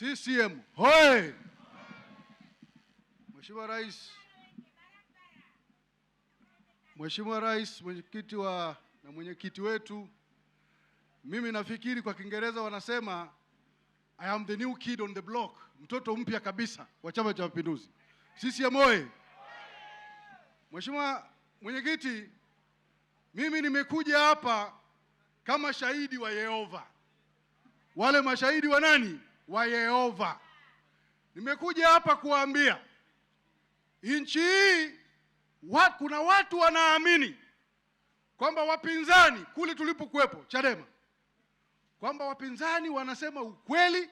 CCM hoye! Mheshimiwa Rais, Mheshimiwa Rais, mwenyekiti wa na mwenyekiti wetu, mimi nafikiri kwa Kiingereza wanasema I am the new kid on the block, mtoto mpya kabisa wa Chama cha Mapinduzi CCM hoye! Mheshimiwa mwenyekiti, mimi nimekuja hapa kama shahidi wa Yehova. Wale mashahidi wa nani? wa Yehova. Nimekuja hapa kuambia nchi hii wa, kuna watu wanaamini kwamba wapinzani kule tulipokuwepo Chadema, kwamba wapinzani wanasema ukweli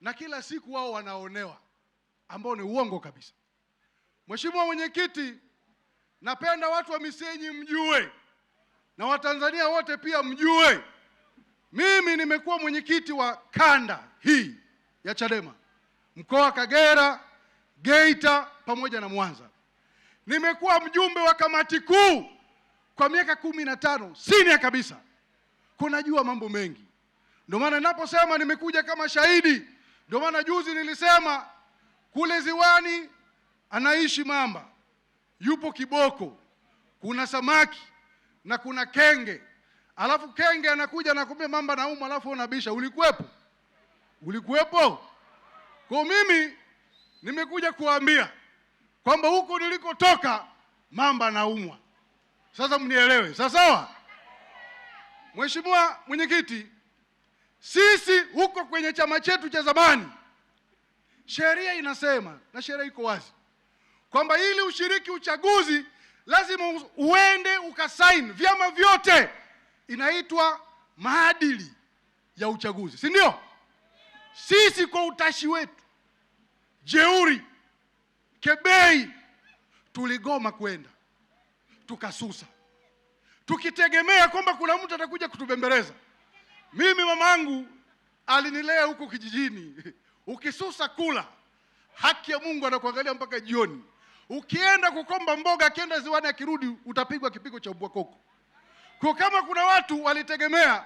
na kila siku wao wanaonewa, ambao ni uongo kabisa. Mheshimiwa Mwenyekiti, napenda watu wa Misenyi mjue na Watanzania wote pia mjue mimi nimekuwa mwenyekiti wa kanda hii ya Chadema mkoa wa Kagera, Geita pamoja na Mwanza. Nimekuwa mjumbe wa kamati kuu kwa miaka kumi na tano sinia kabisa, kunajua mambo mengi, ndio maana ninaposema nimekuja kama shahidi. Ndio maana juzi nilisema kule ziwani anaishi mamba, yupo kiboko, kuna samaki na kuna kenge alafu kenge anakuja nakuambia mamba naumwa, alafu unabisha. Ulikuwepo? Ulikuwepo? Kwa mimi nimekuja kuambia kwamba huko nilikotoka mamba naumwa. Sasa mnielewe, sawasawa? Mheshimiwa Mwenyekiti, sisi huko kwenye chama chetu cha zamani sheria inasema na sheria iko wazi kwamba ili ushiriki uchaguzi lazima uende ukasaini, vyama vyote inaitwa maadili ya uchaguzi, si ndio? Sisi kwa utashi wetu jeuri kebei, tuligoma kwenda tukasusa, tukitegemea kwamba kuna mtu atakuja kutubembeleza. Mimi mamangu alinilea huko kijijini, ukisusa kula, haki ya Mungu anakuangalia mpaka jioni. Ukienda kukomba mboga, akienda ziwani, akirudi utapigwa kipigo cha mbwa koko. Kwa kama kuna watu walitegemea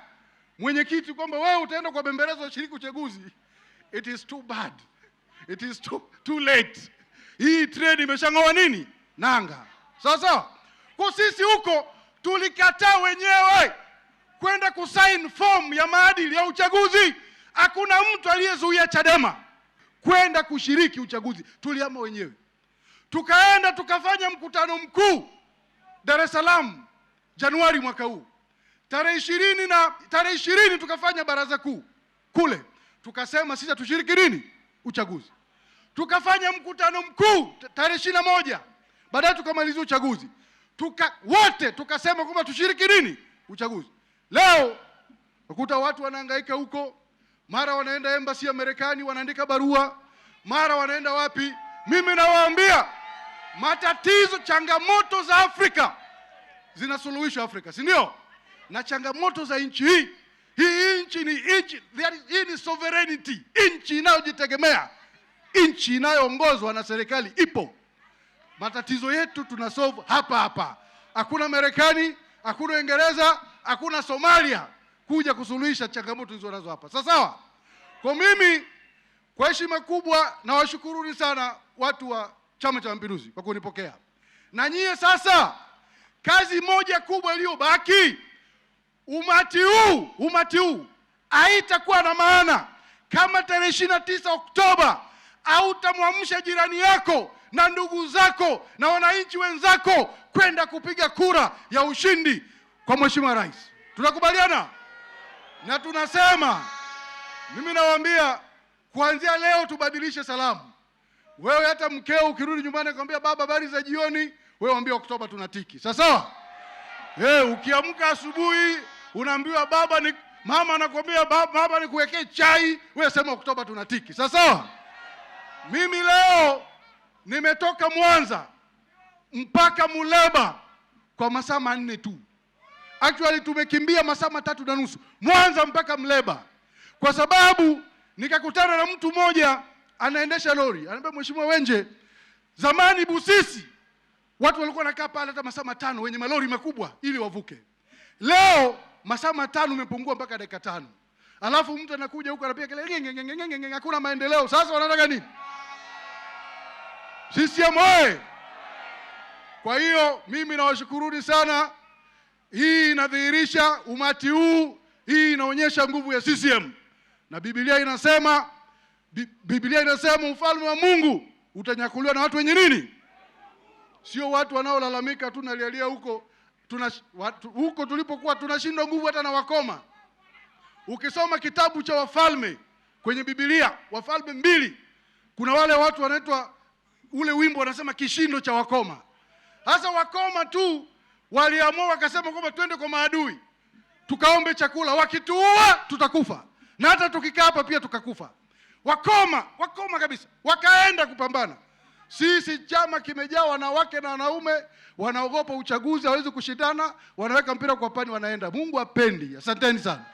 mwenyekiti kwamba wewe utaenda kwa bembelezo shiriki uchaguzi, it is too bad, it is too, too late. Hii treni imeshang'oa nini nanga, sawa sawa. Kwa sisi huko tulikataa wenyewe kwenda kusain form ya maadili ya uchaguzi. Hakuna mtu aliyezuia Chadema kwenda kushiriki uchaguzi, tuliama wenyewe. Tukaenda tukafanya mkutano mkuu Dar es Salaam Januari mwaka huu tarehe ishirini na tarehe ishirini tukafanya baraza kuu kule, tukasema sisi hatushiriki nini uchaguzi. Tukafanya mkutano mkuu tarehe ishirini na moja baadaye tukamalizia uchaguzi tuka, wote tukasema kwamba tushiriki nini uchaguzi. Leo nakuta watu wanahangaika huko, mara wanaenda embassy ya Marekani wanaandika barua, mara wanaenda wapi. Mimi nawaambia matatizo, changamoto za Afrika zinasuluhishwa Afrika, si ndio? Na changamoto za nchi hii hii nchi ni nchi, hii ni sovereignty, nchi inayojitegemea, nchi inayoongozwa na serikali ipo. Matatizo yetu tunasolve hapa hapa, hakuna Marekani, hakuna Uingereza, hakuna Somalia kuja kusuluhisha changamoto hizo nazo hapa. Sawa sawa. Kwa mimi kwa heshima kubwa nawashukuruni sana watu wa Chama cha Mapinduzi kwa kunipokea, na nyie sasa Kazi moja kubwa iliyobaki, umati huu umati huu haitakuwa na maana kama tarehe ishirini na tisa Oktoba hautamwamsha jirani yako na ndugu zako na wananchi wenzako kwenda kupiga kura ya ushindi kwa mheshimiwa rais. Tunakubaliana na tunasema, mimi nawaambia kuanzia leo tubadilishe salamu. Wewe hata mkeo ukirudi nyumbani akwambia, baba, habari za jioni We wambia Oktoba tunatiki. Sawa? Eh, ukiamka asubuhi unaambiwa baba ni mama anakwambia baba, ni kuwekee chai, we sema Oktoba tunatiki. Sawa? Mimi leo nimetoka Mwanza mpaka Muleba kwa masaa manne tu. Actually tumekimbia masaa matatu na nusu Mwanza mpaka Mleba, kwa sababu nikakutana na mtu mmoja anaendesha lori, ananiambia Mheshimiwa Wenje, zamani Busisi Watu walikuwa wanakaa pale hata masaa matano wenye malori makubwa ili wavuke. Leo masaa matano umepungua mpaka dakika tano. Alafu mtu anakuja huko anapiga kelele, hakuna maendeleo. Sasa wanataka nini? CCM oye! Kwa hiyo mimi nawashukuruni sana. Hii inadhihirisha umati huu, hii inaonyesha nguvu ya CCM na Biblia inasema, Biblia inasema ufalme wa Mungu utanyakuliwa na watu wenye nini? sio watu wanaolalamika tu nalialia huko tuna, watu, huko tulipokuwa tunashindwa nguvu hata na wakoma. Ukisoma kitabu cha Wafalme kwenye Biblia, Wafalme mbili, kuna wale watu wanaitwa ule wimbo wanasema kishindo cha wakoma. Hasa wakoma tu waliamua wakasema kwamba twende kwa maadui tukaombe chakula, wakituua tutakufa na hata tukikaa hapa pia tukakufa. Wakoma wakoma kabisa, wakaenda kupambana sisi chama kimejaa wanawake na wanaume, wanaogopa uchaguzi, hawezi kushindana, wanaweka mpira kwa pani, wanaenda. Mungu apendi. Asanteni sana.